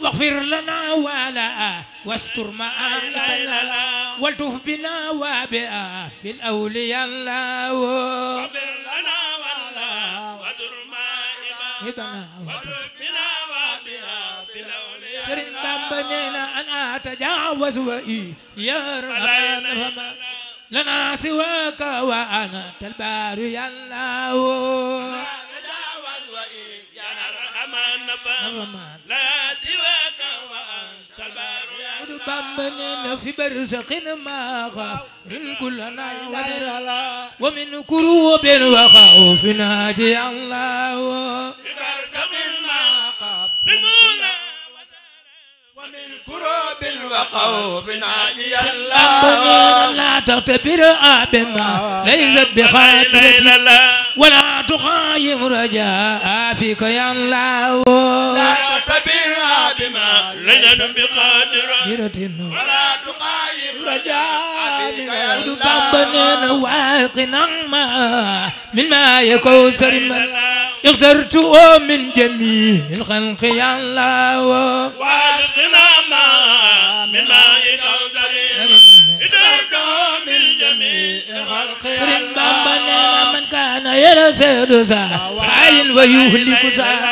واغفر لنا ولا واستر مآلنا والتف بنا وابئا في الأولياء الله واغفر لنا ولا وادر مائبنا والتف بنا وابئا في الأولياء الله بنينا أن أتجاوز وإي يا ربنا فما لنا سواك وأنا البار يا الله تجاوز وإي يا رحمن فما bamba neena fi barzaqin ma xaarin kullana wajara wa min kurubin wa xawfin haji allah fi barzaqin ma xaarin wa min kurubin wa xawfin haji allah تختبر بما ليس بخاطرتي ولا تخيم رجاء فيك يا الله لا تختبر بما ليس بخاطرتي ولا تخيم رجاء فيك يا الله واقنا ما من ما يكون سرما اخترته من جميع الخلق يا الله sëriñ Bamba nee na man kaana yarseedu saa xaayin wa yuhliku saa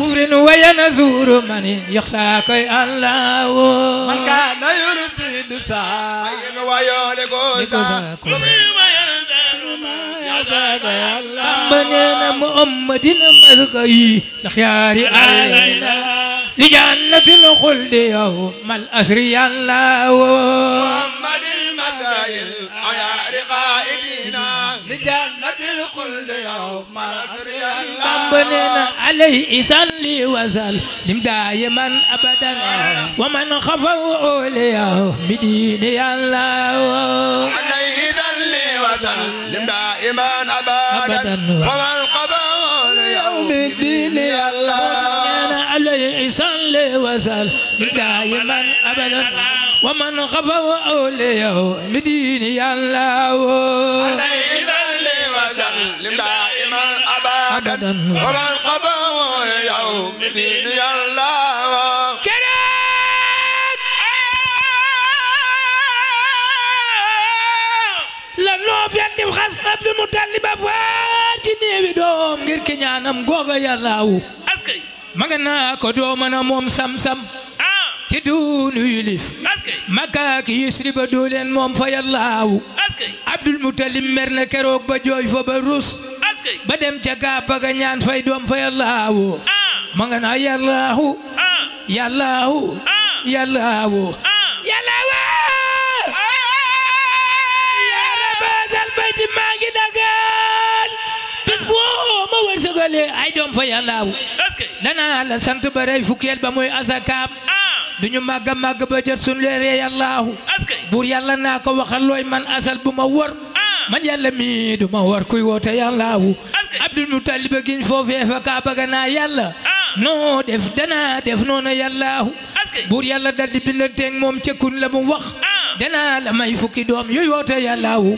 kufrin wa yanasuru man yaxsa koy Allah woo man kaana yarseedu saa xaayin wa yuhliku saa kufrin wa yanasuru man yaxsa koy Allah Bamba nee na mu ëmm dina mas ko yi ndax yaari aayina لجنة الخلد يوم الأسر يا الله محمد المثايل على رقائدنا لجنة الخلد يوم الأسر يا الله ربنا عليه صلي وسلم دائما أبدا ومن خفوا أولياءه بدين يا الله عليه صلي وسلم دائما أبدا ومن خفوا أولياءه بدين يا الله عليه صلي صل وسلم دائما أبدا ومن خفوا أوليه لدين الله عليه صل وسلم دائما أبدا ومن خفوا أوليه لدين الله كرات لنوب يندم خاص عبد المطلب فاتني بدوم غير كنانم غوغا يلاو magana ko doo mën a moom sam-sam ki ah. duunu yilif makaaki yisri ba doo leen moom fa yallaawu abdul mutalib mer na keroog ba jooy fa ba rus ba dem ca gaaba ga ñaan fay doom fa yallaawu magana yallaahu ah. yallaahu yallaawu yallaawu yaa rabba dal bayti maa ngi dagaan bis bu dugalee ay doom fa yàllaaw la sant ba rey fukkeel ba muy asakaam ah. duñu màgg a màgg ba jot suñu leeree buur yàlla naa ko waxal looy man asal bu ma wër ah. man yàlla mi du ma wër kuy woote yàllaahu abdul mutalib a giñ foofee fa kaa bëgg naa yàlla ah. noo def danaa def noonu yàllaahu buur yàlla dal di bindanteeg moom cëkkun la mu wax danaa la may fukki doom yuy woote yàllaahu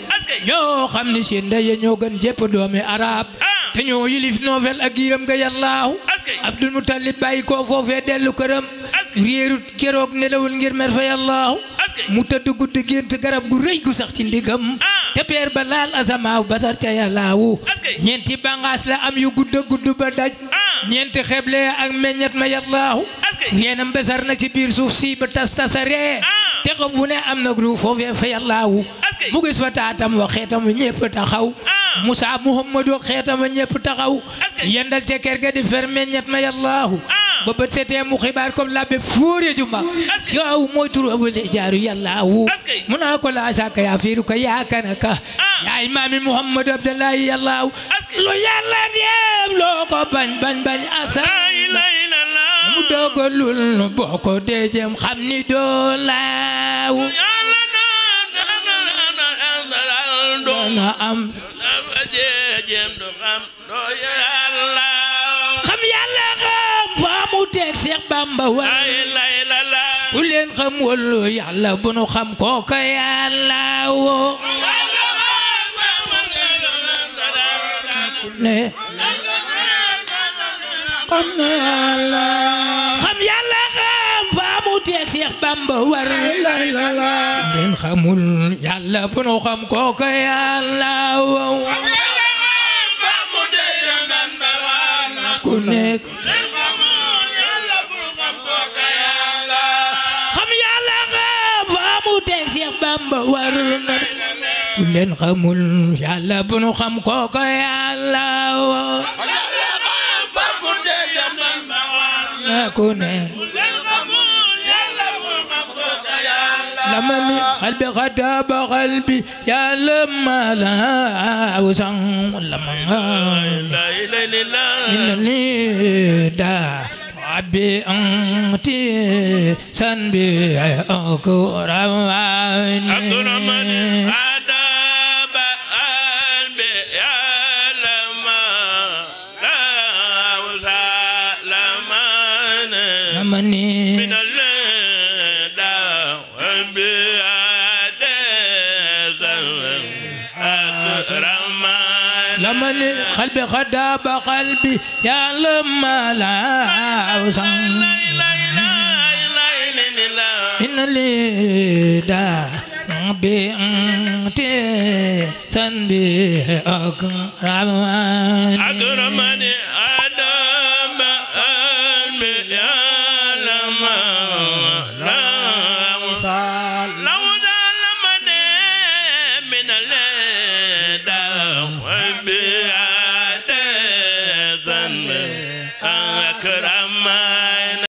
ñoo xam ni seen ndey ñoo gën jépp doomi arab te ñoo yilif noofel ak yiram nga yallaahu abdul mutalib bàyyi ko foofee dellu këram réerut keroog nelawul ngir mer fa yallaahu mu tëdd gudd gént garab gu rëy gu sax ci ndigam ah. te peer ba laal asamaaw basar ca yallaahu ñeenti bangaas la am yu gudd gudd ba daj ah. ñeenti xeble ak meññet ma yallaahu yeenam besar na ci biir suuf si ba tas tasaree ah. te ko bu ne am na groupe foofee fa yallaahu mu gis fa taatam waxeetam ñépp taxaw Moussa Muhammadu xeetama ñëpp taxaw yendal te kër ga di ferme ñett ma yallaahu ba bët setee mu xibaar comme labbe fuure juma siwaaw mooy turu abul ijaaru yallaahu mu naa ko laa saaka yaa fiiru ka yaa kanaka yaa imaami Muhammadu Abdallahi yallaahu lu yàlla dem loo ko bañ bañ bañ asal mu dogalul nu boo ko dee jëm ni doo laaw na am jéem du xam doo yàlla xam yàlla xam faamu teeg Seex Bamba wal ku leen xam wallu yàlla bu nu xam kooka yàlla woo ne xam na yàlla den xamul yàlla bu nu xam kooku yàlla wow ku nekk xam yàlla nga faamu teg Seex Bamba war na ku leen xamul yàlla bu nu xam kooku yàlla wow ku nekk لمن قلبي غتاب قلبي يا لما لا وسن لما لا إله إلا الله من النداء ربي أنت سنبي أكرمني عبد الرحمن من لمن قلبي قد قلبي يا لما لا أوصل إن لي دا بنتي سن بي أكرمني أكرمني